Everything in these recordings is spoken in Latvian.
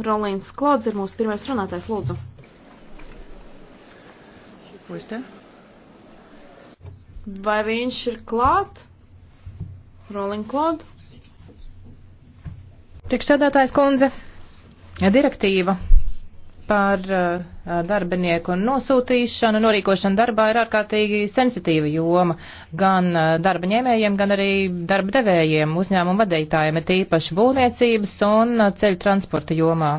Rolīns Klods ir mūsu pirmais runātājs, lūdzu. Vai viņš ir klāt? Rolīns Klod. Priekšsēdētājs kundze, ja direktīva par uh, darbinieku nosūtīšanu, norīkošanu darbā ir ārkārtīgi sensitīva joma gan uh, darba ņēmējiem, gan arī darba devējiem, uzņēmumu vadītājiem, ir tīpaši būvniecības un uh, ceļu transporta jomā.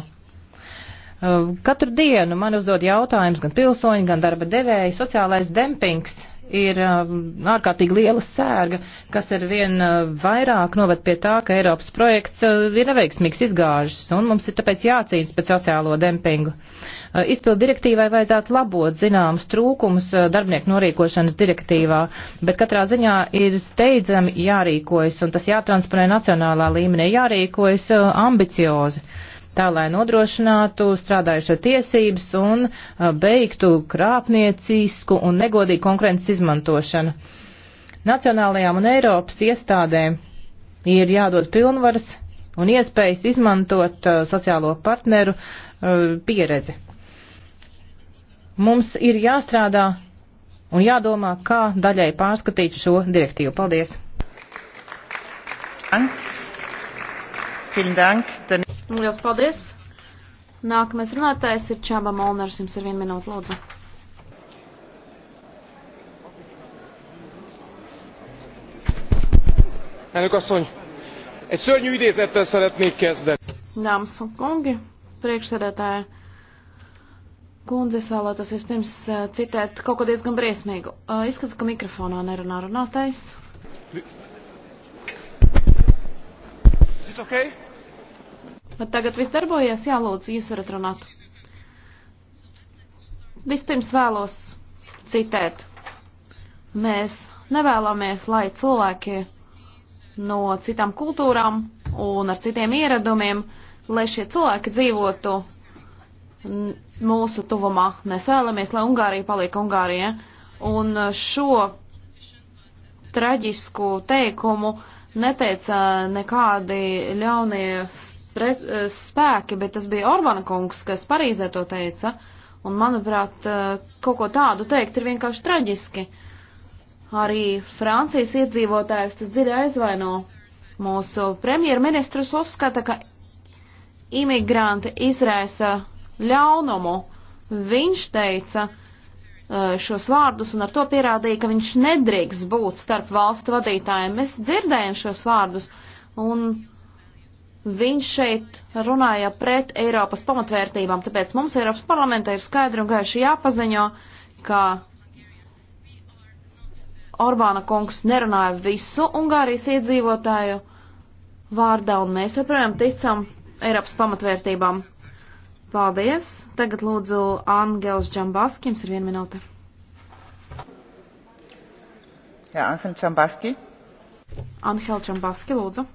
Katru dienu man uzdod jautājums gan pilsoņi, gan darba devēji, sociālais dempings ir um, ārkārtīgi liela sērga, kas ar vien uh, vairāk noved pie tā, ka Eiropas projekts uh, ir neveiksmīgs izgāžas, un mums ir tāpēc jācīnas pēc sociālo dempingu. Uh, izpildu direktīvai vajadzētu labot zināmas trūkumus darbinieku norīkošanas direktīvā, bet katrā ziņā ir steidzami jārīkojas, un tas jātransponē nacionālā līmenī, jārīkojas ambiciozi. Uh, tā lai nodrošinātu strādājušo tiesības un beigtu krāpniecisku un negodīgu konkurences izmantošanu. Nacionālajām un Eiropas iestādēm ir jādod pilnvaras un iespējas izmantot sociālo partneru pieredzi. Mums ir jāstrādā un jādomā, kā daļai pārskatīt šo direktīvu. Paldies! Dank. Vielen Dank. Liels paldies! Nākamais runātājs ir Čaba Molnars. Jums ir viena minūte, lūdzu. Elnök asszony, egy szörnyű idézettel szeretnék kezdeni. Dāmas un kungi, priekšsēdētāja kundze, es vēlētos vispirms eh, citēt kaut ko diezgan briesmīgu. Eh, izskatās, ka mikrofonā nerunā runātājs. Is it okay? Tagad viss darbojas, jā, lūdzu, jūs varat runāt. Vispirms vēlos citēt. Mēs nevēlamies, lai cilvēki no citām kultūrām un ar citiem ieradumiem, lai šie cilvēki dzīvotu mūsu tuvumā. Mēs vēlamies, lai Ungārija paliek Ungārija. Un šo traģisku teikumu neteica nekādi ļaunie pret, eh, spēki, bet tas bija Orbana kungs, kas Parīzē to teica. Un, manuprāt, eh, kaut ko tādu teikt ir vienkārši traģiski. Arī Francijas iedzīvotājus tas dziļi aizvaino. Mūsu premjerministrs uzskata, ka imigranti izraisa ļaunumu. Viņš teica eh, šos vārdus un ar to pierādīja, ka viņš nedrīkst būt starp valstu vadītājiem. Mēs dzirdējam šos vārdus un Viņš šeit runāja pret Eiropas pamatvērtībām, tāpēc mums Eiropas parlamentā ir skaidri un gaiši jāpaziņo, ka Orbāna kungs nerunāja visu Ungārijas iedzīvotāju vārdā, un mēs joprojām ticam Eiropas pamatvērtībām. Paldies! Tagad lūdzu Angels Džambaski, jums ir viena minūte. Jā, Angel Džambaski. Angel Džambaski, lūdzu.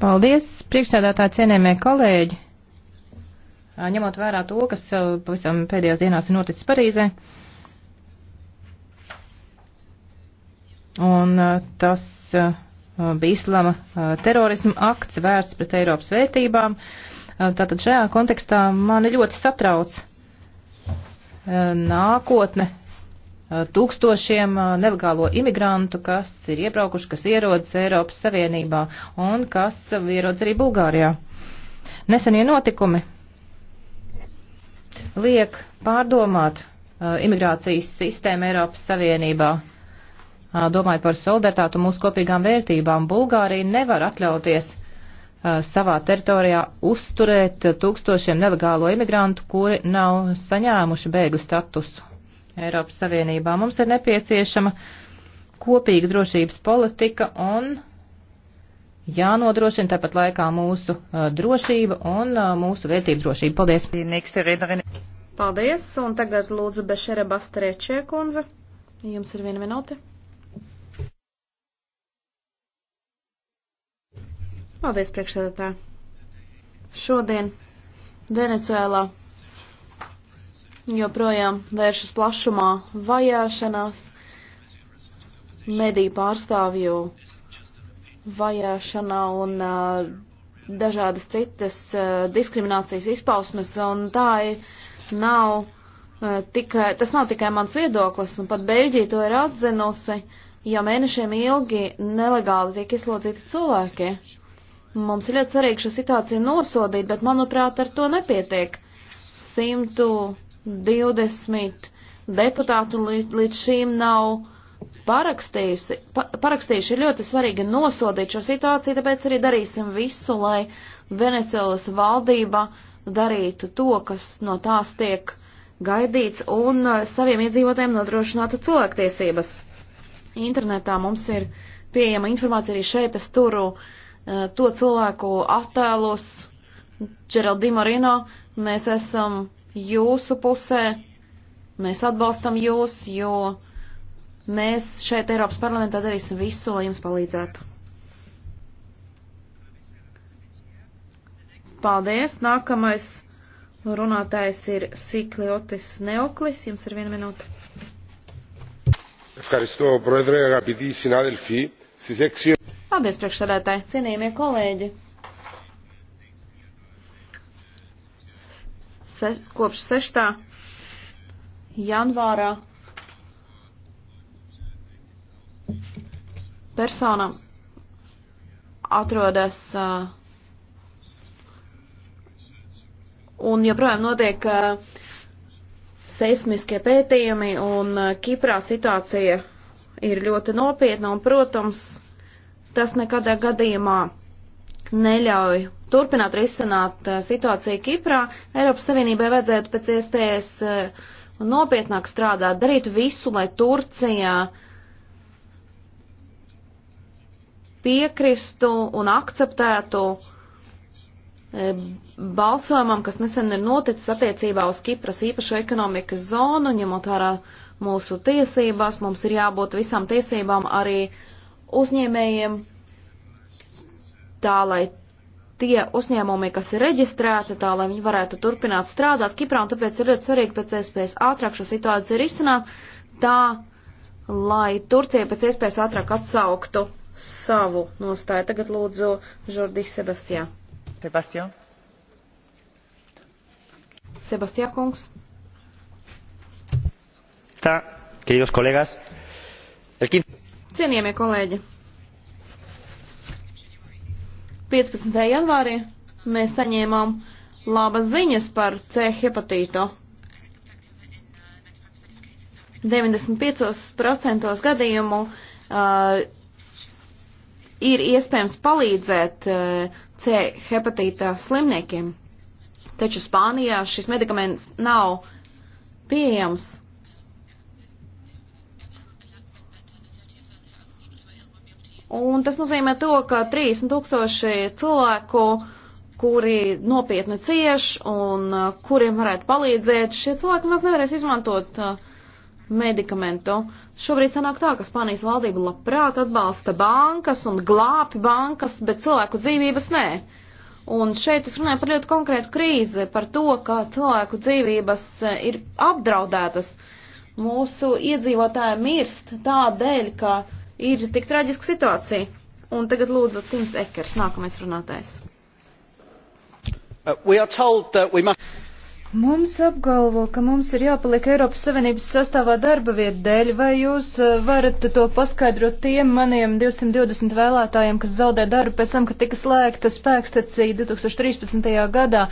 Paldies, priekšsēdētā cienējamie kolēģi. Ņemot vērā to, kas pavisam pēdējās dienās ir noticis Parīzē. Un tas bija islama terorisma akts vērsts pret Eiropas vērtībām. Tātad šajā kontekstā mani ļoti satrauc nākotne tūkstošiem nelegālo imigrantu, kas ir iebraukuši, kas ierodas Eiropas Savienībā un kas ierodas arī Bulgārijā. Nesenie notikumi liek pārdomāt imigrācijas sistēmu Eiropas Savienībā. Domājot par solidaritātu un mūsu kopīgām vērtībām, Bulgārija nevar atļauties savā teritorijā uzturēt tūkstošiem nelegālo imigrantu, kuri nav saņēmuši bēgļu statusu. Eiropas Savienībā. Mums ir nepieciešama kopīga drošības politika un jānodrošina tāpat laikā mūsu uh, drošība un uh, mūsu vērtību drošība. Paldies! Paldies, un tagad lūdzu Bešere Bastrēčē kundze. Jums ir viena minūte. Paldies, priekšsēdētā. Šodien Venecijālā joprojām vēršas plašumā vajāšanās, mediju pārstāvju vajāšanā un uh, dažādas citas uh, diskriminācijas izpausmes, un tā ir nav uh, tikai, tas nav tikai mans viedoklis, un pat Beļģija to ir atzinusi, ja mēnešiem ilgi nelegāli tiek ieslodzīti cilvēki. Mums ir ļoti svarīgi šo situāciju nosodīt, bet manuprāt ar to nepietiek. 100 20 deputātu līdz šīm nav parakstījuši. Pa, parakstījuši ir ļoti svarīgi nosodīt šo situāciju, tāpēc arī darīsim visu, lai Venecuēlas valdība darītu to, kas no tās tiek gaidīts un eh, saviem iedzīvotājiem nodrošinātu cilvēktiesības. Internetā mums ir pieejama informācija arī šeit, es turu eh, to cilvēku attēlus, Geraldine Marino, mēs esam jūsu pusē. Mēs atbalstam jūs, jo mēs šeit Eiropas parlamentā darīsim visu, lai jums palīdzētu. Paldies. Nākamais runātājs ir Sikliotis Neoklis. Jums ir viena minūte. Paldies, priekšsēdētāji, cienījamie kolēģi. se, kopš 6. janvāra persona atrodas uh, un joprojām notiek uh, seismiskie pētījumi un uh, Kiprā situācija ir ļoti nopietna un, protams, tas nekadā gadījumā neļauj turpināt risināt eh, situāciju Kiprā, Eiropas Savienībai vajadzētu pēc iespējas eh, nopietnāk strādāt, darīt visu, lai Turcija piekristu un akceptētu eh, balsojumam, kas nesen ir noticis attiecībā uz Kipras īpašo ekonomikas zonu, ņemot vērā mūsu tiesībās, mums ir jābūt visām tiesībām arī uzņēmējiem tā, lai tie uzņēmumi, kas ir reģistrēti, tā lai viņi varētu turpināt strādāt Kiprā, un tāpēc ir ļoti svarīgi pēc iespējas ātrāk šo situāciju risināt, tā lai Turcija pēc iespējas ātrāk atsauktu savu nostāju. Tagad lūdzu Žordi Sebastijā. Sebastijā. Sebastijā kungs. Tā, queridos kolēgas. Cienījamie kolēģi. 15. janvārī mēs saņēmām labas ziņas par C hepatītu. 95% gadījumu uh, ir iespējams palīdzēt uh, C hepatīta slimniekiem, taču Spānijā šis medikaments nav pieejams. Un tas nozīmē to, ka 30 tūkstoši cilvēku, kuri nopietni cieš un uh, kuriem varētu palīdzēt, šie cilvēki maz nevarēs izmantot uh, medikamentu. Šobrīd sanāk tā, ka Spānijas valdība labprāt atbalsta bankas un glābi bankas, bet cilvēku dzīvības nē. Un šeit es runāju par ļoti konkrētu krīzi, par to, ka cilvēku dzīvības uh, ir apdraudētas. Mūsu iedzīvotāji mirst tādēļ, ka ir tik traģiska situācija. Un tagad lūdzu Tims Ekers, nākamais runātājs. Uh, must... Mums apgalvo, ka mums ir jāpaliek Eiropas Savienības sastāvā darba vietu dēļ, vai jūs eh, varat to paskaidrot tiem maniem 220 vēlētājiem, kas zaudē darbu pēc tam, kad tika slēgta spēkstacija 2013. gadā?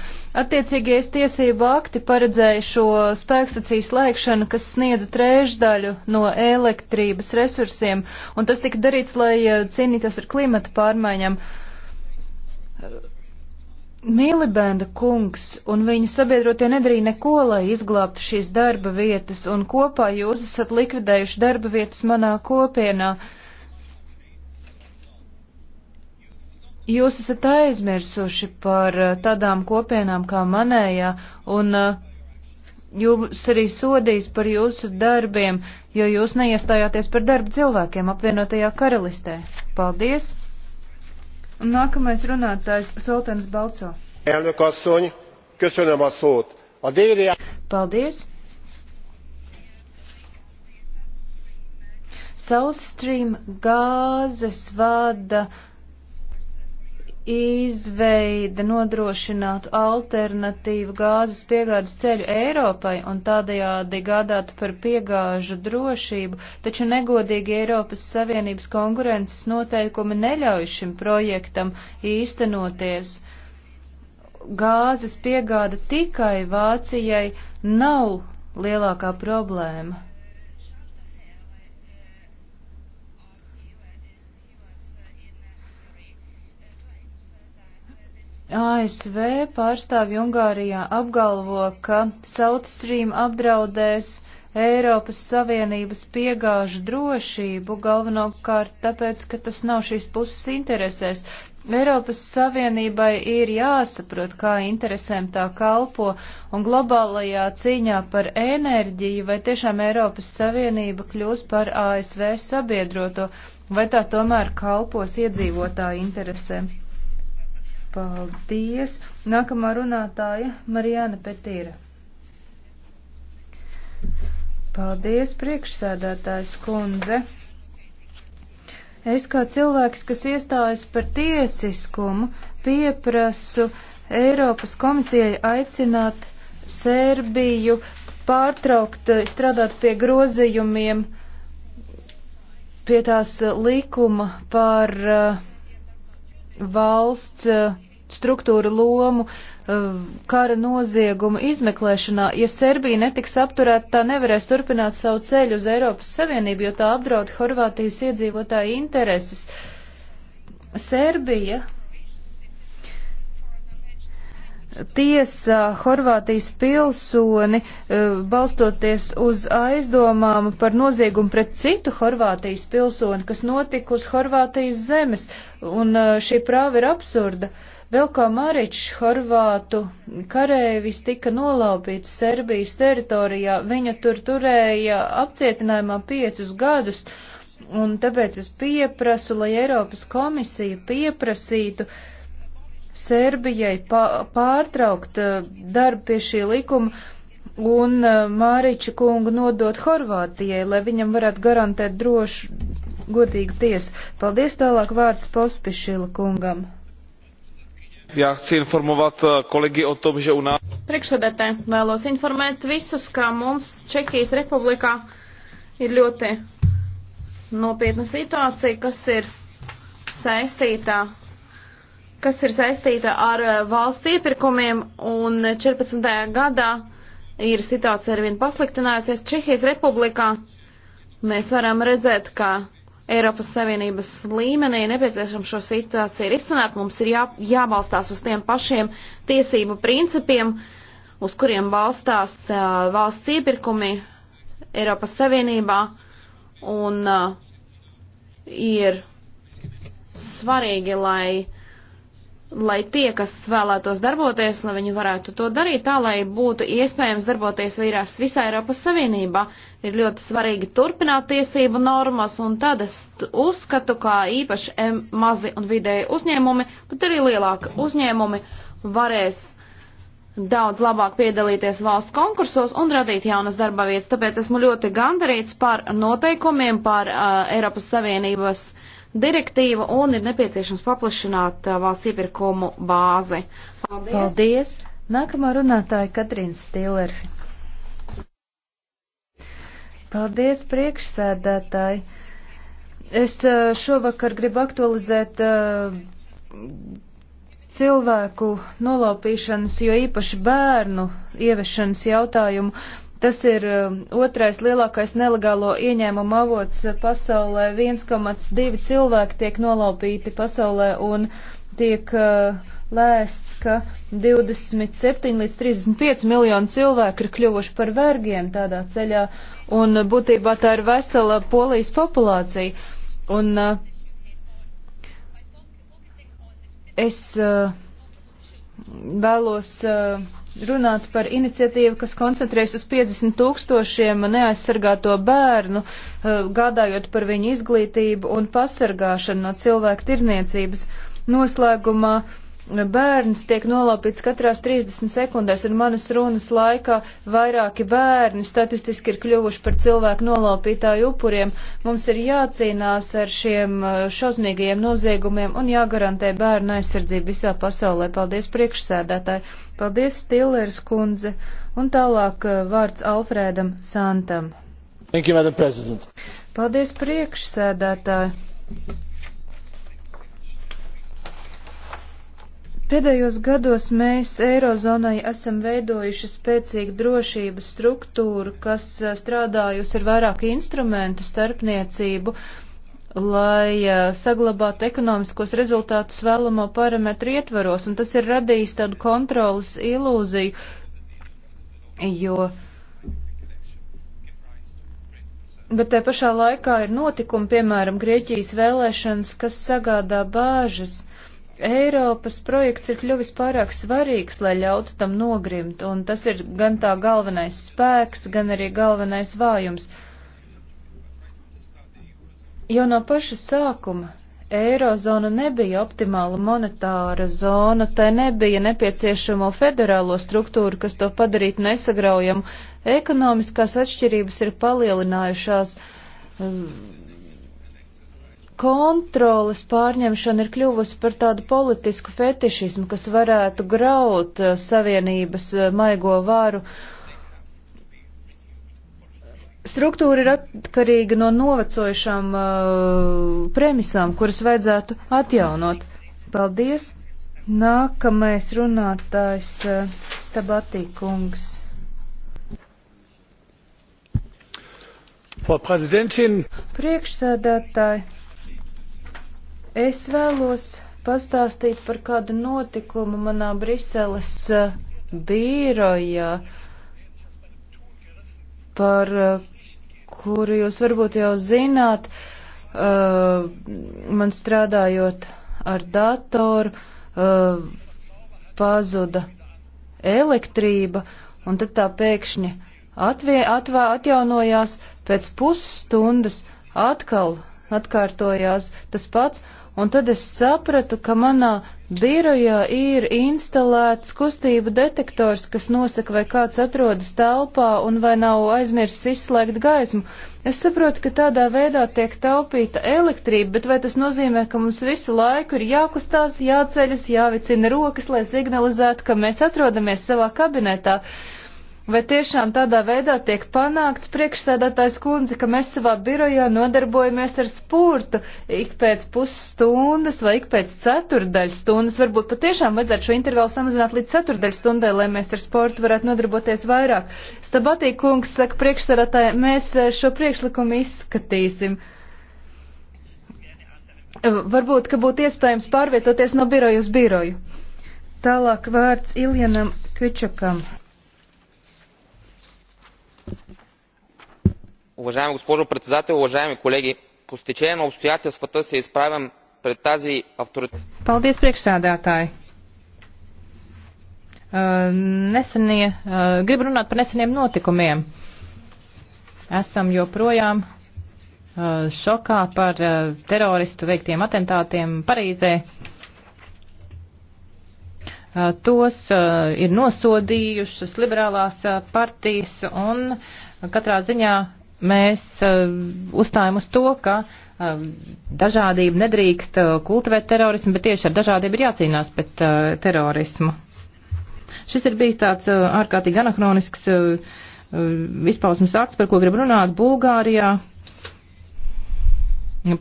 Attiecīgais tiesību akti paredzēja šo spēkstaciju slēgšanu, kas sniedza trēždaļu no elektrības resursiem, un tas tika darīts, lai eh, cīnītos ar klimata pārmaiņām. Mīlibenda kungs un viņa sabiedrotie nedarīja neko, lai izglābtu šīs darba vietas, un kopā jūs esat likvidējuši darba vietas manā kopienā. Jūs esat aizmirsuši par eh, tādām kopienām kā manējā, un eh, jūs arī sodīs par jūsu darbiem, jo jūs neiestājāties par darbu cilvēkiem apvienotajā karalistē. Paldies! Nākamais runātājs Soltens Balco. Elnök asszony, köszönöm a szót. A déli... Paldies. South Stream gāzes vada izveide nodrošinātu alternatīvu gāzes piegādes ceļu Eiropai un tādējādi gādātu par piegāžu drošību, taču negodīgi Eiropas Savienības konkurences noteikumi neļauj šim projektam īstenoties. Gāzes piegāda tikai Vācijai nav lielākā problēma. ASV pārstāvji Ungārijā apgalvo, ka South Stream apdraudēs Eiropas Savienības piegāžu drošību, galvenokārt tāpēc, ka tas nav šīs puses interesēs. Eiropas Savienībai ir jāsaprot, kā interesēm tā kalpo, un globālajā cīņā par enerģiju, vai tiešām Eiropas Savienība kļūs par ASV sabiedroto, vai tā tomēr kalpos iedzīvotāju interesēm. Paldies. Nākamā runātāja Marijāna Petīra. Paldies, priekšsēdētājs kundze. Es kā cilvēks, kas iestājas par tiesiskumu, pieprasu Eiropas komisijai aicināt Sērbiju pārtraukt eh, strādāt pie grozījumiem pie tās likuma par uh, valsts eh, struktūra lomu eh, kara nozieguma izmeklēšanā. Ja Serbija netiks apturēta, tā nevarēs turpināt savu ceļu uz Eiropas Savienību, jo tā apdraud Horvātijas iedzīvotāju intereses. Serbija tiesā Horvātijas pilsoni e, balstoties uz aizdomām par noziegumu pret citu Horvātijas pilsoni, kas notika uz Horvātijas zemes, un e, šī prāva ir absurda. Velko Maričs, Horvātu karēvis, tika nolaupīts Serbijas teritorijā, viņu tur turēja apcietinājumā piecus gadus, un tāpēc es pieprasu, lai Eiropas komisija pieprasītu, uh, Serbijai pārtraukt eh, darbu pie šī likuma un eh, Māriča kungu nodot Horvātijai, lai viņam varētu garantēt drošu, godīgu tiesu. Paldies tālāk vārds Pospišila kungam. Jā, chci informovat eh, kolegi o tom, že u nás. Priekšsēdētē vēlos informēt visus, ka mums Čehijas republikā ir ļoti nopietna situācija, kas ir saistītā kas ir saistīta ar eh, valsts iepirkumiem, un 14. Eh, gadā ir situācija arvien pasliktinājusies. Čehijas republikā mēs varam redzēt, ka Eiropas Savienības līmenī nepieciešams šo situāciju risināt. Mums ir jā, jābalstās uz tiem pašiem tiesību principiem, uz kuriem balstās uh, valsts iepirkumi Eiropas Savienībā. Un uh, ir svarīgi, lai uh, lai tie, kas vēlētos darboties, lai viņi varētu to darīt tā, lai būtu iespējams darboties vīrās visā Eiropas Savienībā. Ir ļoti svarīgi turpināt tiesību normas, un tad es uzskatu, kā īpaši M mazi un vidēji uzņēmumi, bet arī lielāka uzņēmumi varēs daudz labāk piedalīties valsts konkursos un radīt jaunas darba vietas. Tāpēc esmu ļoti gandarīts par noteikumiem, par uh, Eiropas Savienības direktīvu un ir nepieciešams paplašināt uh, valsts iepirkumu bāzi. Paldies! Paldies. Nākamā runātāja Katrīna Stīlers. Paldies, priekšsēdētāji. Es uh, šovakar gribu aktualizēt uh, cilvēku nolaupīšanas, jo īpaši bērnu ievešanas jautājumu. Tas ir um, otrais lielākais nelegālo ieņēmumu avots uh, pasaulē. 1,2 cilvēki tiek nolaupīti pasaulē un tiek uh, lēsts, ka 27 līdz 35 miljonu cilvēku ir kļuvuši par vergiem tādā ceļā, un uh, būtībā tā ir vesela polijas populācija. Un es vēlos. Uh, runāt par iniciatīvu, kas koncentrējas uz 50 tūkstošiem neaizsargāto bērnu, eh, gādājot par viņu izglītību un pasargāšanu no cilvēku tirzniecības. Noslēgumā bērns tiek nolaupīts katrās 30 sekundēs, un manas runas laikā vairāki bērni statistiski ir kļuvuši par cilvēku nolaupītāju upuriem. Mums ir jācīnās ar šiem uh, šausmīgajiem noziegumiem un jāgarantē bērnu aizsardzību visā pasaulē. Paldies priekšsēdētāji, paldies Stillers kundze, un tālāk uh, vārds Alfrēdam Santam. Thank you, Madam President. Paldies priekšsēdētāji. Pēdējos gados mēs Eirozonai esam veidojuši spēcīgu drošības struktūru, kas eh, strādājusi ar vairāk instrumentu starpniecību, lai eh, saglabātu ekonomiskos rezultātus vēlamo parametru ietvaros, un tas ir radījis tādu kontrolas ilūziju, jo. Bet te pašā laikā ir notikumi, piemēram, Grieķijas vēlēšanas, kas sagādā bāžas. Uh, Eiropas projekts ir kļuvis pārāk svarīgs, lai ļautu tam nogrimt, un tas ir gan tā galvenais spēks, gan arī galvenais vājums. Jau no paša sākuma Eirozona nebija optimāla monetāra zona, tai nebija nepieciešamo federālo struktūru, kas to padarītu nesagraujamu. Ekonomiskās atšķirības ir palielinājušās. Um, kontrolas pārņemšana ir kļuvusi par tādu politisku fetišismu, kas varētu graut eh, savienības eh, maigo vāru. Struktūra ir atkarīga no novecojušām uh, premisām, kuras vajadzētu atjaunot. Paldies! Nākamais runātājs uh, Stabatī kungs. Frau Präsidentin! Priekšsēdētāji! Es vēlos pastāstīt par kādu notikumu manā Briseles eh, bīrojā, par eh, kuru jūs varbūt jau zināt, eh, man strādājot ar datoru, pazuda elektrība, un tad tā pēkšņi atvie, atvā, atjaunojās pēc pusstundas atkal atkārtojās tas pats, un tad es sapratu, ka manā birojā ir instalēts kustību detektors, kas nosaka, vai kāds atrodas telpā un vai nav aizmirsis izslēgt gaismu. Es saprotu, ka tādā veidā tiek taupīta elektrība, bet vai tas nozīmē, ka mums visu laiku ir jākustās, jāceļas, jāvicina rokas, lai signalizētu, ka mēs atrodamies savā kabinetā? Vai tiešām tādā veidā tiek panākts priekšsēdētājs kundze, ka mēs savā birojā nodarbojamies ar sportu ik pēc pusstundas vai ik pēc ceturdaļas stundas? Varbūt patiešām vajadzētu šo intervālu samazināt līdz ceturdaļas stundai, lai mēs ar sportu varētu nodarboties vairāk. Stabatī kungs saka priekšsēdētāji, mēs eh, šo priekšlikumu izskatīsim. Eh, varbūt, ka būtu iespējams pārvietoties no biroju uz biroju. Tālāk vārds Iljanam Kvičakam. Уважаема госпожо председател, уважаеми колеги! По стечение на обстоятелствата се изправям пред тази авторитет. Paldies, priekšsēdētāji! Uh, nesenie, uh, gribu runāt par neseniem notikumiem. Esam joprojām uh, šokā par teroristu veiktiem atentātiem Parīzē. Tos ir nosodījušas liberālās partijas un katrā ziņā mēs uh, uzstājam uz to, ka uh, dažādība nedrīkst uh, kultivēt terorismu, bet tieši ar dažādību ir jācīnās pret uh, terorismu. Šis ir bijis tāds uh, ārkārtīgi anahronisks uh, uh, izpausmes akts, par ko grib runāt Bulgārijā.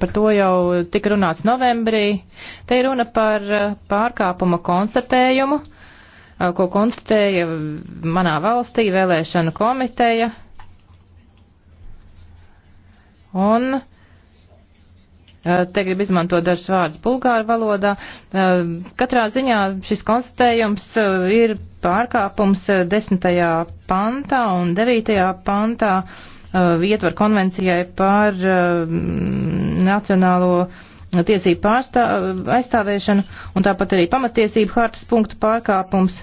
Par to jau tika runāts novembrī. Te ir runa par uh, pārkāpuma konstatējumu, uh, ko konstatēja manā valstī vēlēšana komiteja. Uh, Un eh, te grib izmantot dažus vārdus bulgāru valodā. Eh, katrā ziņā šis konstatējums eh, ir pārkāpums 10. pantā un 9. pantā ietver konvencijai par nacionālo tiesību pārstā, aizstāvēšanu un tāpat arī pamatiesību hartas punktu pārkāpums.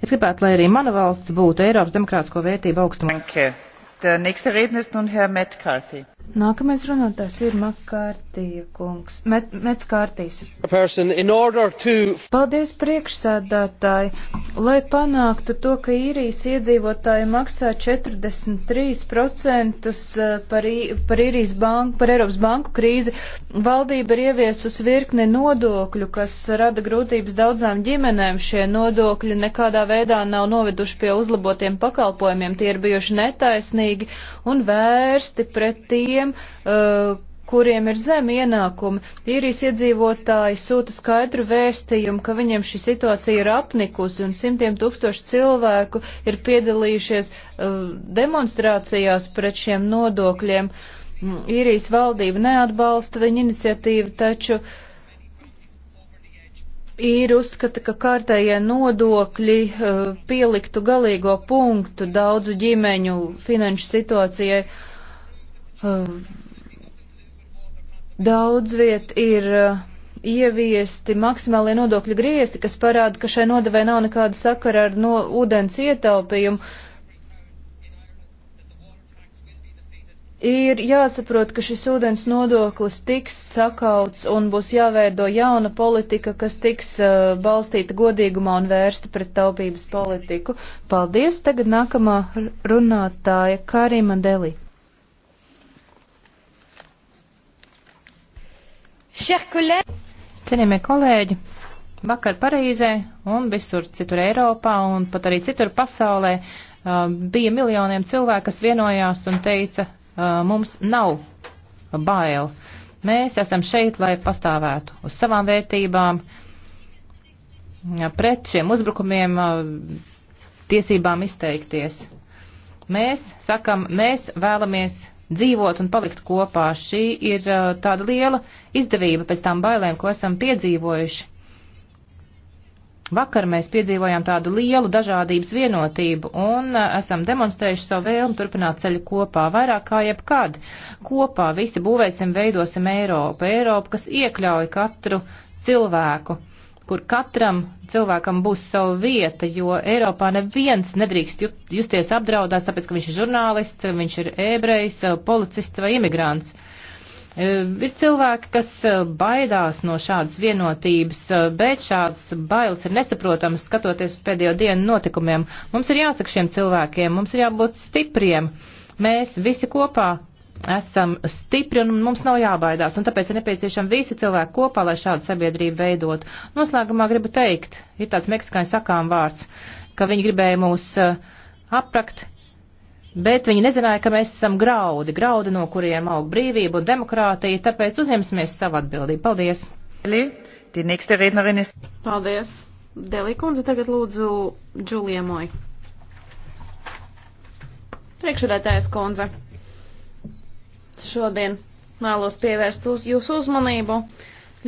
Es gribētu, lai arī mana valsts būtu Eiropas demokrātisko vērtību augstumā. Thank you der nächste redner ist nun herr matt carthy. Nākamais runātājs ir Makārtija kungs. Met, mets kārtīs. To... Paldies priekšsēdētāji. Lai panāktu to, ka īrijas iedzīvotāji maksā 43% eh, par, par īrijas banku, par Eiropas banku krīzi, valdība ir ieviesusi virkne nodokļu, kas rada grūtības daudzām ģimenēm. Šie nodokļi nekādā veidā nav noveduši pie uzlabotiem pakalpojumiem. Tie ir bijuši netaisnīgi un vērsti pret tie tiem, uh, kuriem ir zem ienākumi. Īrijas iedzīvotāji sūta skaidru vēstījumu, ka viņiem šī situācija ir apnikusi un simtiem tūkstoši cilvēku ir piedalījušies uh, demonstrācijās pret šiem nodokļiem. Mm, Īrijas valdība neatbalsta viņa iniciatīvu, taču īri uzskata, ka kārtējie nodokļi uh, pieliktu galīgo punktu daudzu ģimeņu finanšu situācijai. Uh, Eh, daudz viet ir eh, ieviesti maksimālie nodokļu griezti, kas parāda, ka šai nodevē nav nekāda sakara ar no ūdens ietaupījumu. Ir jāsaprot, ka šis ūdens nodoklis tiks sakauts un būs jāveido jauna politika, kas tiks uh, balstīta godīgumā un vērsta pret taupības politiku. Paldies! Tagad nākamā runātāja Karima Delī. Cienījamie kolēģi, vakar Parīzē un visur citur Eiropā un pat arī citur pasaulē uh, bija miljoniem cilvēku, kas vienojās un teica, uh, mums nav bail. Mēs esam šeit, lai pastāvētu uz savām vērtībām, uh, pret šiem uzbrukumiem, tiesībām izteikties. Mēs sakam, mēs vēlamies dzīvot un palikt kopā. Šī ir uh, tāda liela izdevība pēc tām bailēm, ko esam piedzīvojuši. Vakar mēs piedzīvojām tādu lielu dažādības vienotību un uh, esam demonstrējuši savu vēlmu turpināt ceļu kopā, vairāk kā jebkad. Kopā visi būvēsim, veidosim Eiropu, Eiropu, kas iekļauj katru cilvēku kur katram cilvēkam būs sava vieta, jo Eiropā neviens nedrīkst justies apdraudēts, tāpēc, ka viņš ir žurnālists, viņš ir ebrejs, policists vai imigrants. E, ir cilvēki, kas e, baidās no šādas vienotības, e, bet šādas bailes ir nesaprotamas, skatoties uz pēdējo dienu notikumiem. Mums ir jāsaka šiem cilvēkiem, mums ir jābūt stipriem. Mēs visi kopā esam stipri un mums nav jābaidās, un tāpēc ir nepieciešami visi cilvēki kopā, lai šādu sabiedrību veidot. Noslēgumā gribu teikt, ir tāds meksikāņu sakām vārds, ka viņi gribēja mūs eh, aprakt, bet viņi nezināja, ka mēs esam graudi, graudi, no kuriem aug brīvība un demokrātija, tāpēc uzņemsimies savu atbildību. Paldies! Paldies! Delī kundze tagad lūdzu Džuliemoj. Priekšredētājas kundze šodien vēlos pievērst uz jūsu uzmanību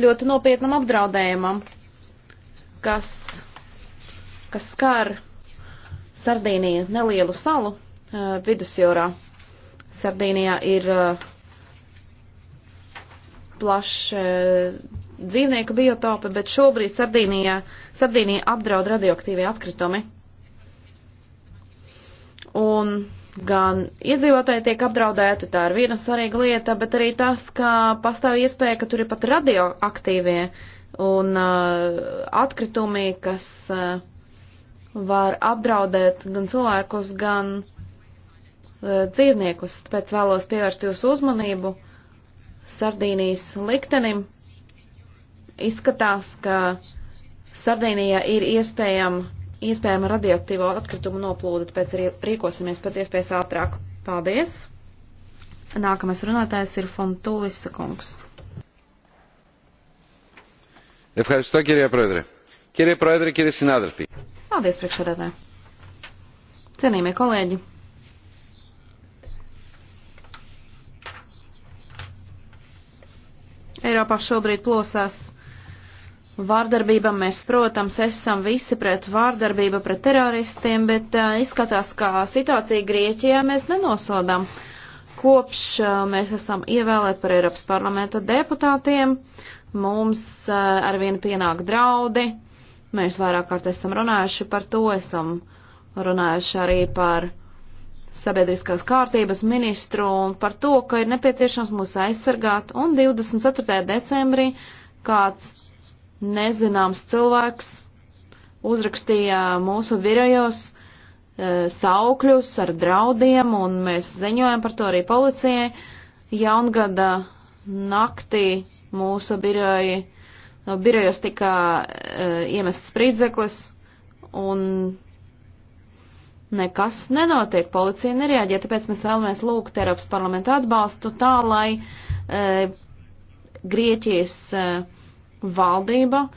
ļoti nopietnam apdraudējumam, kas, kas skar Sardīniju nelielu salu uh, vidusjūrā. Sardīnijā ir uh, plašs uh, dzīvnieku biotopa, bet šobrīd Sardīnijā, Sardīnija apdraud radioaktīvie atkritumi. Un gan iedzīvotāji tiek apdraudēti, tā ir viena svarīga lieta, bet arī tas, ka pastāv iespēja, ka tur ir pat radioaktīvie un uh, atkritumi, kas uh, var apdraudēt gan cilvēkus, gan uh, dzīvniekus. Tāpēc vēlos pievērst jūsu uzmanību Sardīnijas liktenim. Izskatās, ka Sardīnijā ir iespējama iespējama radioaktīvo atkritumu noplūde, tāpēc arī rīkosimies pēc iespējas ātrāk. Paldies! Nākamais runātājs ir Fontulis Kungs. Ευχαριστώ κύριε Πρόεδρε. Κύριε Πρόεδρε, κύριε συνάδελφοι. Paldies, priekšsēdētāji. Cienījamie kolēģi. Eiropā šobrīd plosās Vārdarbība mēs, protams, esam visi pret vārdarbību, pret teroristiem, bet uh, izskatās, ka situācija Grieķijā mēs nenosodām. Kopš uh, mēs esam ievēlēti par Eiropas parlamenta deputātiem, mums uh, arvien pienāk draudi, mēs vairāk kārt esam runājuši par to, esam runājuši arī par sabiedriskās kārtības ministru un par to, ka ir nepieciešams mūs aizsargāt, un 24. decembrī kāds nezināms cilvēks uzrakstīja mūsu virojos e, eh, saukļus ar draudiem, un mēs ziņojam par to arī policijai. Jaungada naktī mūsu biroji, birojos tika e, iemests spridzeklis, un nekas nenotiek, policija nereaģē, tāpēc mēs vēlamies lūgt Eiropas parlamentu atbalstu tā, lai e, Grieķijas e, valdība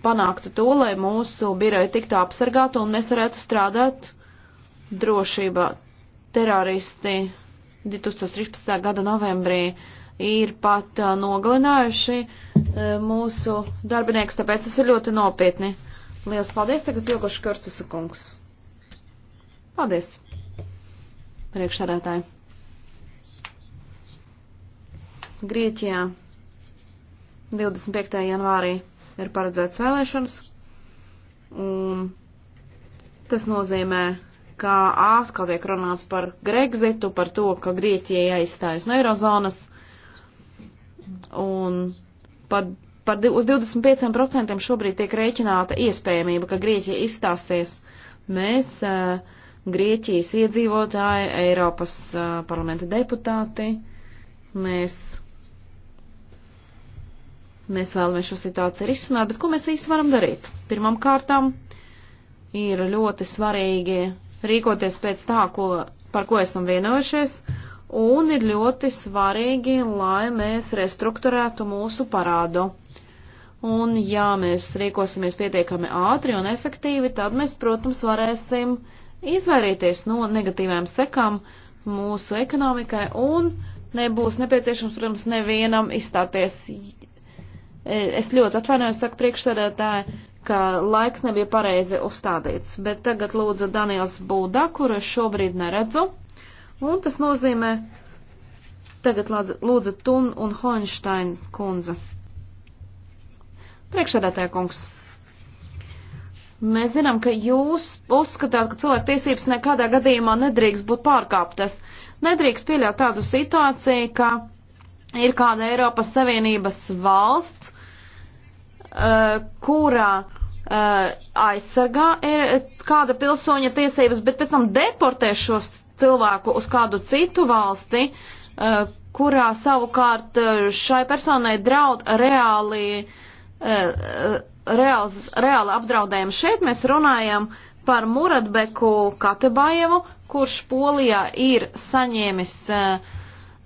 panāktu to, lai mūsu biroja tiktu apsargāta un mēs varētu strādāt drošībā. Teroristi 2013. gada novembrī ir pat uh, nogalinājuši uh, mūsu darbiniekus, tāpēc tas ir ļoti nopietni. Lielas paldies, tagad Jokošs Karcisa kungs. Paldies, priekšsādātāji. Grieķijā 25. janvārī ir paredzēts vēlēšanas, un tas nozīmē, ka atkal tiek runāts par Grexitu, par to, ka Grieķija aizstājas no Eirozonas, un pat par uz 25% šobrīd tiek rēķināta iespējamība, ka Grieķija izstāsies. Mēs, uh, Grieķijas iedzīvotāji, Eiropas uh, parlamenta deputāti, mēs Mēs vēlamies šo situāciju risināt, bet ko mēs īsti varam darīt? Pirmam kārtām ir ļoti svarīgi rīkoties pēc tā, ko, par ko esam vienojušies, un ir ļoti svarīgi, lai mēs restruktūrētu mūsu parādu. Un ja mēs rīkosimies pietiekami ātri un efektīvi, tad mēs, protams, varēsim izvairīties no negatīvām sekām mūsu ekonomikai un nebūs nepieciešams, protams, nevienam izstāties E, es ļoti atvainojos, saka priekšsēdētāji, ka laiks nebija pareizi uzstādīts, bet tagad lūdzu Daniels Būda, kuru es šobrīd neredzu, un tas nozīmē tagad lūdzu Tun un Hoņštains kundze. Priekšsēdētāja kungs. Mēs zinām, ka jūs uzskatāt, ka cilvēku tiesības nekādā gadījumā nedrīkst būt pārkāptas. Nedrīkst pieļaut tādu situāciju, ka ir kāda Eiropas Savienības valsts, uh, eh, kurā uh, eh, aizsargā ir kāda pilsoņa tiesības, bet pēc tam deportē šos cilvēku uz kādu citu valsti, uh, kurā savukārt šai personai draud reāli, reāls, reāli apdraudējumi. Šeit mēs runājam par Muratbeku Katebajevu, kurš Polijā ir saņēmis uh,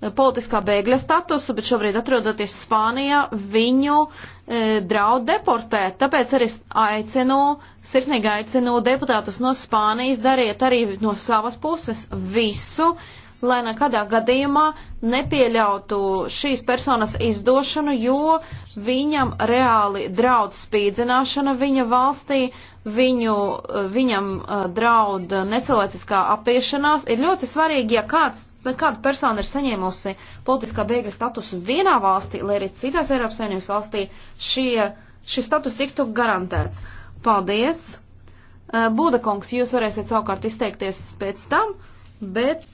Eh, politiskā bēgļa statusu, bet šobrīd atrodoties Spānijā, viņu e, draud deportēt. Tāpēc arī aicinu, sirsnīgi aicinu deputātus no Spānijas dariet arī no savas puses visu, lai nekādā gadījumā nepieļautu šīs personas izdošanu, jo viņam reāli draud spīdzināšana viņa valstī, viņu, eh, viņam draud necilvēciskā apiešanās. Ir ļoti svarīgi, ja kāds bet kāda persona ir saņēmusi politiskā bēgļa statusu vienā valstī, lai arī citās Eiropas Savienības valstī šie, šis status tiktu garantēts. Paldies! Būdekungs, jūs varēsiet savukārt izteikties pēc tam, bet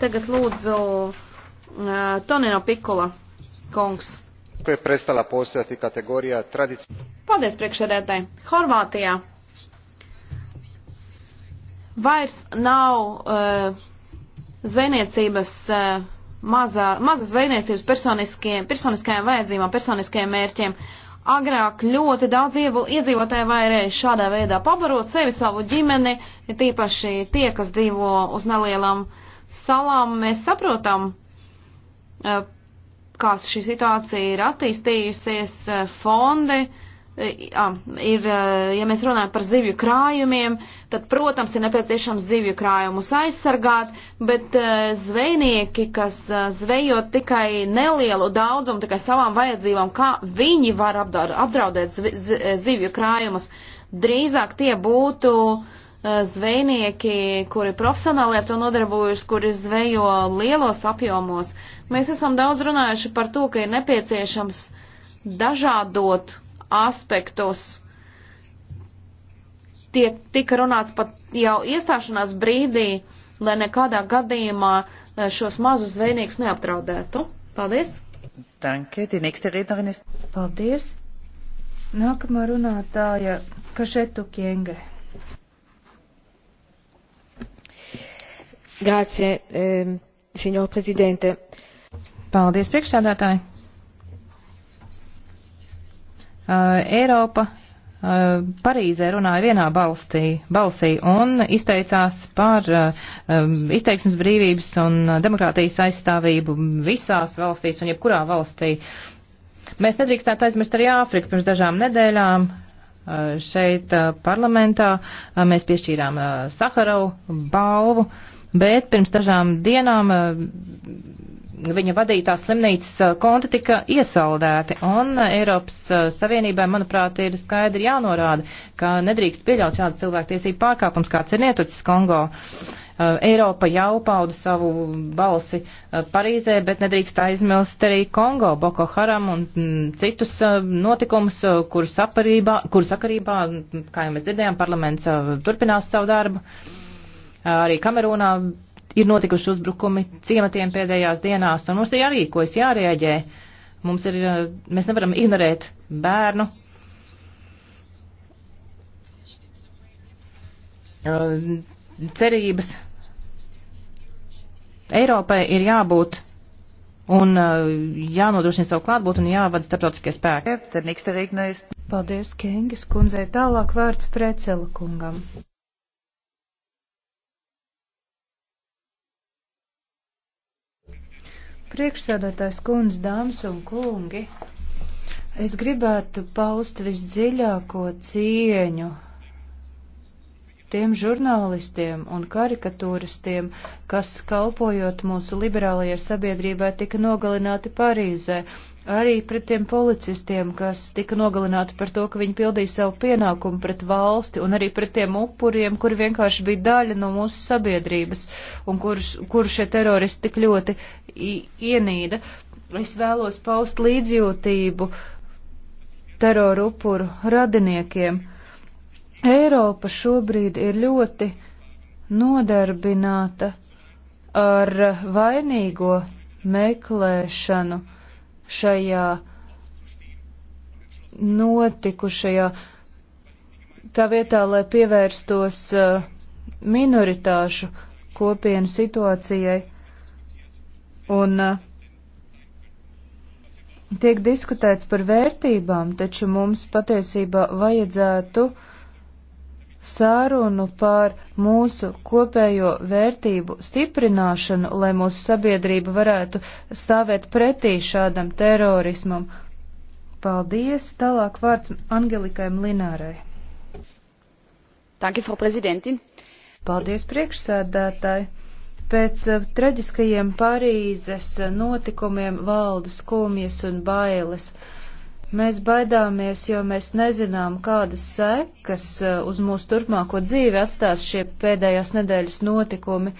tagad lūdzu Tonino Pikula kungs. Paldies priekšsēdētāji. Horvātijā vairs nav uh, zvejniecības, eh, mazā, mazas zvejniecības personiskajām vajadzībām, personiskajiem mērķiem. Agrāk ļoti daudz iedzīvotāji vairēja šādā veidā pabarot sevi, savu ģimeni, ja tīpaši tie, kas dzīvo uz nelielām salām, mēs saprotam, eh, kā šī situācija ir attīstījusies, eh, fondi, jā, e, ir, ja mēs runājam par zivju krājumiem, tad, protams, ir nepieciešams zivju krājumus aizsargāt, bet zvejnieki, kas zvejo tikai nelielu daudzumu, tikai savām vajadzībām, kā viņi var apdraudēt zivju krājumus, drīzāk tie būtu zvejnieki, kuri profesionāli ar to nodarbojas, kuri zvejo lielos apjomos. Mēs esam daudz runājuši par to, ka ir nepieciešams dažādot aspektus. Tiek tika runāts pat jau iestāšanās brīdī, lai nekādā gadījumā eh, šos mazus zvejniekus neapdraudētu. Paldies! Danke, die nächste Rednerin ist. Paldies! Nākamā runātāja Kašetu Kienge. Grācie, e, ehm, signor prezidente. Paldies, priekšsādātāji! Eh, Eiropa eh, Parīzē runāja vienā balstī, balsī un izteicās par eh, izteiksmes brīvības un demokrātijas aizstāvību visās valstīs un jebkurā valstī. Mēs nedrīkstētu aizmirst arī Āfriku pirms dažām nedēļām. Šeit parlamentā mēs piešķīrām Saharovu balvu, bet pirms dažām dienām viņa vadītās slimnīcas konti tika iesaldēti. Un Eiropas Savienībai, manuprāt, ir skaidri jānorāda, ka nedrīkst pieļaut šādas cilvēktiesību pārkāpums, kāds ir nietocis Kongo. Eiropa jau pauda savu balsi Parīzē, bet nedrīkst aizmilst arī Kongo, Boko Haram un citus notikumus, kur, saparībā, kur sakarībā, kā jau mēs dzirdējām, parlaments turpinās savu darbu. Arī Kamerūnā ir notikuši uzbrukumi ciematiem pēdējās dienās, un mums ir jārīkojas, jārēģē. Mums ir, eh, mēs nevaram ignorēt bērnu. Eh, cerības Eiropai ir jābūt un eh, jānodrošina savu klātbūtu un jāvada starptautiskie spēki. Paldies, Kengis kundzei. Tālāk vārds precela kungam. Priekšsēdētājs kundze, dāmas un kungi, es gribētu paust visdziļāko cieņu tiem žurnālistiem un karikatūristiem, kas kalpojot mūsu liberālajai sabiedrībai tika nogalināti Parīzē, arī pret tiem policistiem, kas tika nogalināti par to, ka viņi pildīja savu pienākumu pret valsti, un arī pret tiem upuriem, kuri vienkārši bija daļa no mūsu sabiedrības, un kurus, kurus šie teroristi tik ļoti ienīda. Es vēlos paust līdzjūtību teroru upuru radiniekiem. Eiropa šobrīd ir ļoti nodarbināta ar vainīgo meklēšanu šajā notikušajā, tā vietā, lai pievērstos uh, minoritāšu kopienu situācijai. Un uh, tiek diskutēts par vērtībām, taču mums patiesībā vajadzētu uh, sārunu par mūsu kopējo vērtību stiprināšanu, lai mūsu sabiedrība varētu stāvēt pretī šādam terorismam. Paldies! Tālāk vārds Angelikai Mlinārai. Danke, Frau Präsidentin. Paldies, priekšsēdētāji! Pēc eh, traģiskajiem Parīzes notikumiem valda skumjas un bailes. Mēs baidāmies, jo mēs nezinām, kādas sekas eh, uz mūsu turpmāko dzīvi atstās šie pēdējās nedēļas notikumi.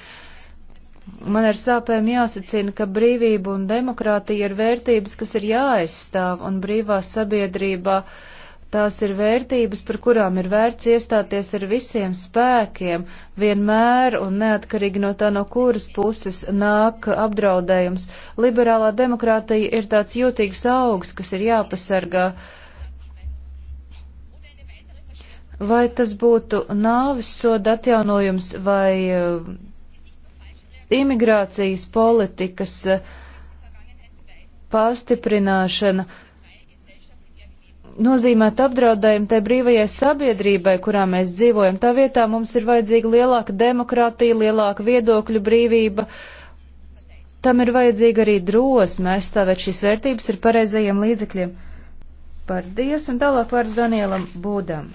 Man ar sāpēm jāsacina, ka brīvība un demokrātija ir vērtības, kas ir jāaizstāv, un brīvā sabiedrībā uh, Tās ir vērtības, par kurām ir vērts iestāties ar visiem spēkiem, vienmēr un neatkarīgi no tā, no kuras puses nāk apdraudējums. Liberālā demokrātija ir tāds jūtīgs augs, kas ir jāpasargā. Vai tas būtu nāvis soda atjaunojums vai uh, imigrācijas politikas uh, pārstiprināšana? nozīmētu apdraudējumu tai brīvajai sabiedrībai, kurā mēs dzīvojam. Tā vietā mums ir vajadzīga lielāka demokrātija, lielāka viedokļu brīvība. Tam ir vajadzīga arī drosme aizstāvēt šīs vērtības ar pareizajiem līdzekļiem. Paldies, un tālāk vārds Danielam Būdam.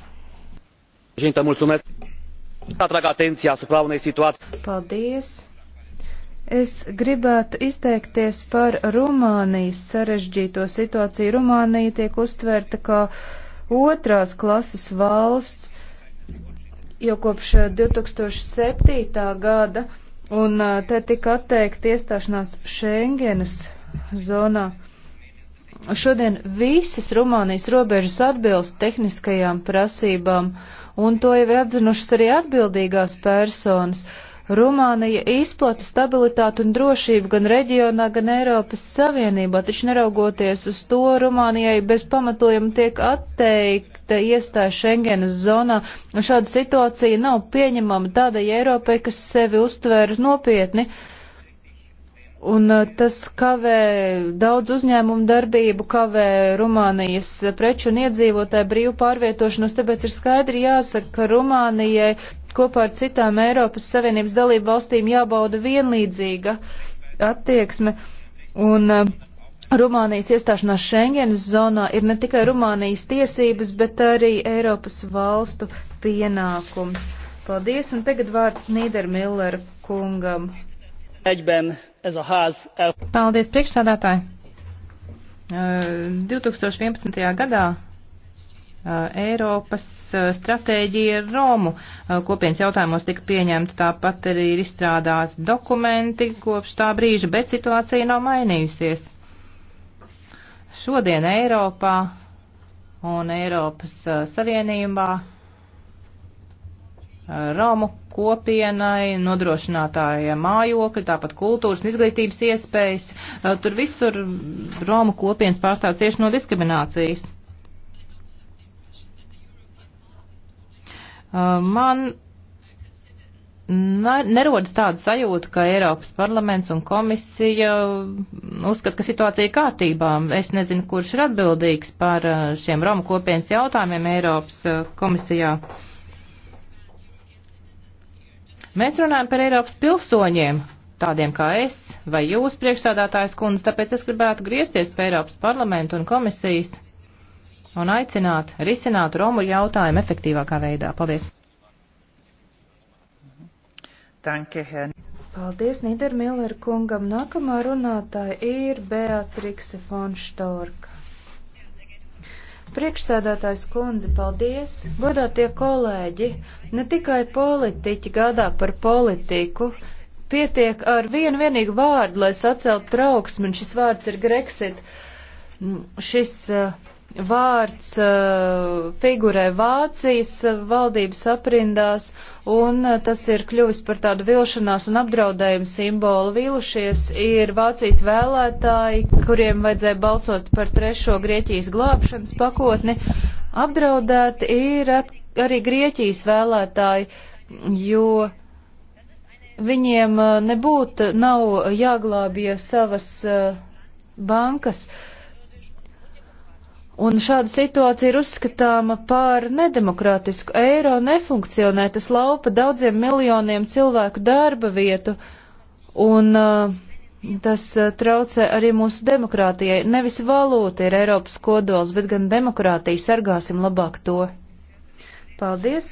Paldies! Es gribētu izteikties par Rumānijas sarežģīto situāciju. Rumānija tiek uztvērta kā otrās klases valsts jau kopš 2007. Eh, gada, un eh, te tika atteikta iestāšanās Schengenas zonā. Šodien visas Rumānijas robežas atbilst tehniskajām prasībām, un to jau ir atzinušas arī atbildīgās personas. Uh, Rumānija izplata stabilitāti un drošību gan reģionā, gan Eiropas Savienībā, taču neraugoties uz to, Rumānijai bez pamatojuma tiek atteikta iestāja Schengenas zonā, un šāda situācija nav pieņemama tādai Eiropai, kas sevi uztver nopietni. Un uh, tas kavē daudz uzņēmumu darbību, kavē Rumānijas preču un iedzīvotāju brīvu pārvietošanos, tāpēc ir skaidri jāsaka, ka Rumānijai kopā ar citām Eiropas Savienības dalību valstīm jābauda vienlīdzīga attieksme. Un, uh, Rumānijas iestāšanās Schengenas zonā ir ne tikai Rumānijas tiesības, bet arī Eiropas valstu pienākums. Paldies, un tagad vārds Nīdermiller kungam. Paldies, priekšsādātāji. 2011. gadā Eh, Eiropas eh, stratēģija Romu eh, kopienas jautājumos tika pieņemta, tāpat arī ir izstrādāti dokumenti kopš tā brīža, bet situācija nav mainījusies. Šodien Eiropā un Eiropas Savienībā Romu kopienai, nodrošinātāja mājokļi, tāpat kultūras un izglītības iespējas. Tur visur Romu kopienas pārstāv cieši no diskriminācijas. Uh, man nerodas tāda sajūta, ka Eiropas parlaments un komisija uzskata, ka situācija ir kārtībā. Es nezinu, kurš ir atbildīgs par uh, šiem Romu kopienas jautājumiem Eiropas uh, komisijā. Mēs runājam par Eiropas pilsoņiem, tādiem kā es vai jūs, priekšsādātājs kundze, tāpēc es gribētu griezties pie Eiropas parlamentu un komisijas un aicināt risināt Romu jautājumu efektīvākā veidā. Paldies! Paldies Nidermiller kungam. Nākamā runātāja ir Beatrikse von Štorka. Priekšsēdētājs kundze, paldies! Godātie kolēģi, ne tikai politiķi gādā par politiku, pietiek ar vienu vienīgu vārdu, lai saceltu trauksmi, un šis vārds ir Grexit. Uh, Nu, šis eh, vārds eh, figurē Vācijas eh, valdības aprindās, un tas ir kļuvis par tādu vilšanās un apdraudējumu simbolu. Vīlušies ir Vācijas vēlētāji, kuriem vajadzēja balsot par trešo Grieķijas glābšanas pakotni. Apdraudēti ir arī Grieķijas vēlētāji, jo viņiem nebūtu nav jāglābja savas bankas. Uh, Un šāda situācija ir uzskatāma par nedemokrātisku. Eiro nefunkcionē, tas laupa daudziem miljoniem cilvēku darba vietu, un uh, tas uh, traucē arī mūsu demokrātijai. Nevis valūta ir Eiropas kodols, bet gan demokrātija. Sargāsim labāk to. Paldies!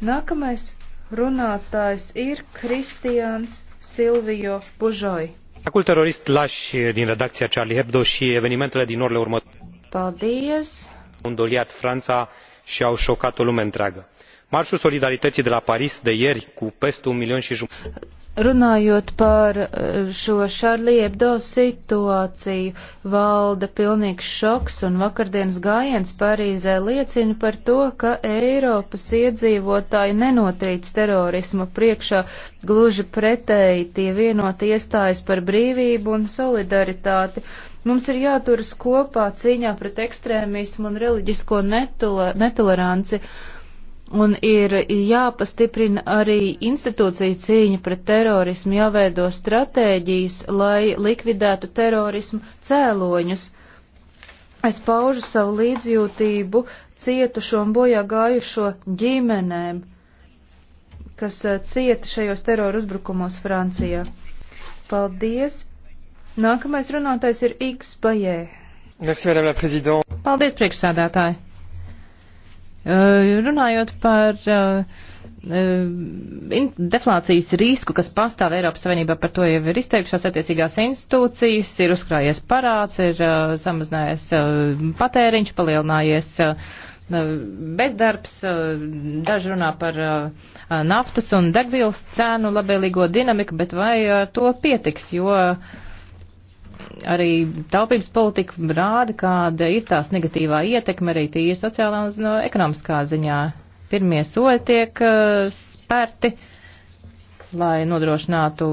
Nākamais runātājs ir Kristiāns Silvio Bužoj. Atacul terorist lași din redacția Charlie Hebdo și evenimentele din orele următoare Paldies! Un doliat Franța și au șocat o lume întreagă. Marșul solidarității de la Paris de ieri cu peste un milion și jumătate. Runājot par eh, šo Charlie Hebdo situāciju, valda pilnīgs šoks un vakardienas gājiens Parīzē liecina par to, ka Eiropas iedzīvotāji nenotrīc terorisma priekšā, gluži pretēji tie vienoti iestājas par brīvību un solidaritāti. Mums ir jāturas kopā cīņā pret ekstrēmismu un reliģisko netole, netoleranci, un ir jāpastiprina arī institūcija cīņa pret terorismu, jāveido stratēģijas, lai likvidētu terorismu cēloņus. Es paužu savu līdzjūtību cietušo un bojā gājušo ģimenēm, kas eh, cieta šajos teroru uzbrukumos Francijā. Paldies! Nākamais runātais ir X Bajē. Paldies, priekšsādātāji. Uh, runājot par uh, deflācijas risku, kas pastāv Eiropas Savienībā, par to jau ir izteikušās attiecīgās institūcijas, ir uzkrājies parāds, ir uh, samazinājies uh, patēriņš, palielinājies uh, bezdarbs, uh, daži runā par uh, naftas un degvielas cēnu labēlīgo dinamiku, bet vai uh, to pietiks, jo uh, arī taupības politika rāda, kāda ir tās negatīvā ietekme arī tīri sociālā un no ekonomiskā ziņā. Pirmie soļi tiek uh, spērti, lai nodrošinātu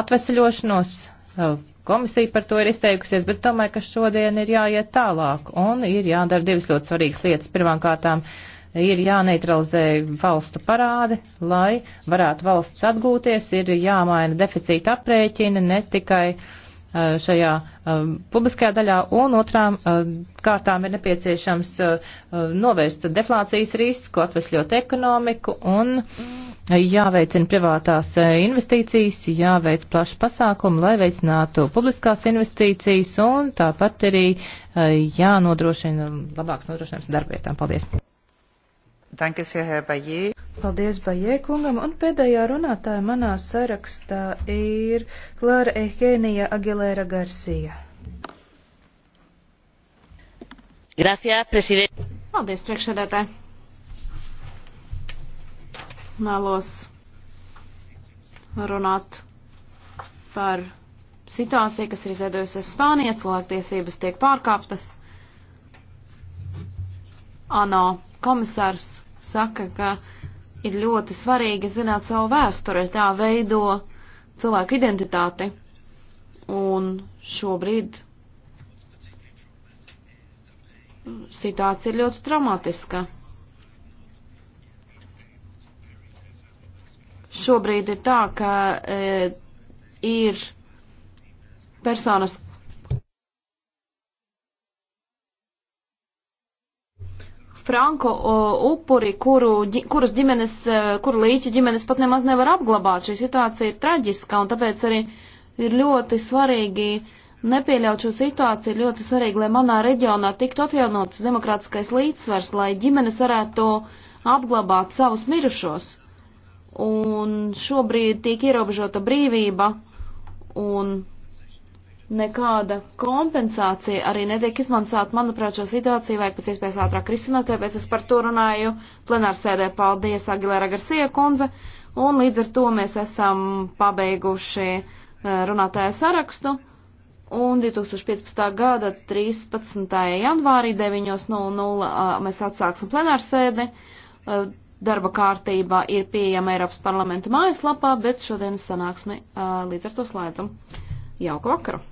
atveseļošanos. Uh, komisija par to ir izteikusies, bet domāju, ka šodien ir jāiet tālāk un ir jādara divas ļoti svarīgas lietas. Pirmkārtām ir jāneutralizē valstu parādi, lai varētu valsts atgūties, ir jāmaina deficīta aprēķina ne tikai uh, Uh, šajā um, publiskajā daļā, un otrām uh, kārtām ir nepieciešams uh, novērst deflācijas risku, atvesļot ekonomiku un jāveicina privātās investīcijas, jāveic plaši pasākumi, lai veicinātu publiskās investīcijas, un tāpat arī jānodrošina labāks nodrošinājums darbietām. Paldies! Paldies Bajē kungam, un pēdējā runātāja manā sarakstā ir Klara Ehēnija Agilēra Garcija. Gracias, presidente. Paldies, priekšsēdētāji. Mēlos runāt par situāciju, kas ir izveidojusies Spānijā, cilvēktiesības tiek pārkāptas. ANO komisārs saka, ka ir ļoti svarīgi zināt savu vēsturi, tā veido cilvēku identitāti. Un šobrīd situācija ir ļoti traumatiska. Šobrīd ir tā, ka e, ir personas, Franko upuri, kuru, kuras ģimenes, e, kuru līķi ģimenes pat nemaz nevar apglabāt. Šī situācija ir traģiska un tāpēc arī ir ļoti svarīgi nepieļaut šo situāciju. Ļoti svarīgi, lai manā reģionā tiktu atjaunotas demokrātiskais līdzsvars, lai ģimenes varētu apglabāt savus mirušos. Un šobrīd tiek ierobežota brīvība un nekāda kompensācija arī netiek izmaksāta. Manuprāt, šo situāciju vajag pēc iespējas ātrāk risināt, tāpēc es par to runāju plenārsēdē. Paldies, Agilēra Garsie kundze. Un līdz ar to mēs esam pabeiguši eh, runātāju sarakstu. Un 2015. gada 13. janvārī 9.00 eh, mēs atsāksim plenārsēdi. Eh, darba kārtība ir pieejama Eiropas parlamenta mājaslapā, bet šodienas sanāksme līdz ar to slēdzam. Jauka vakara!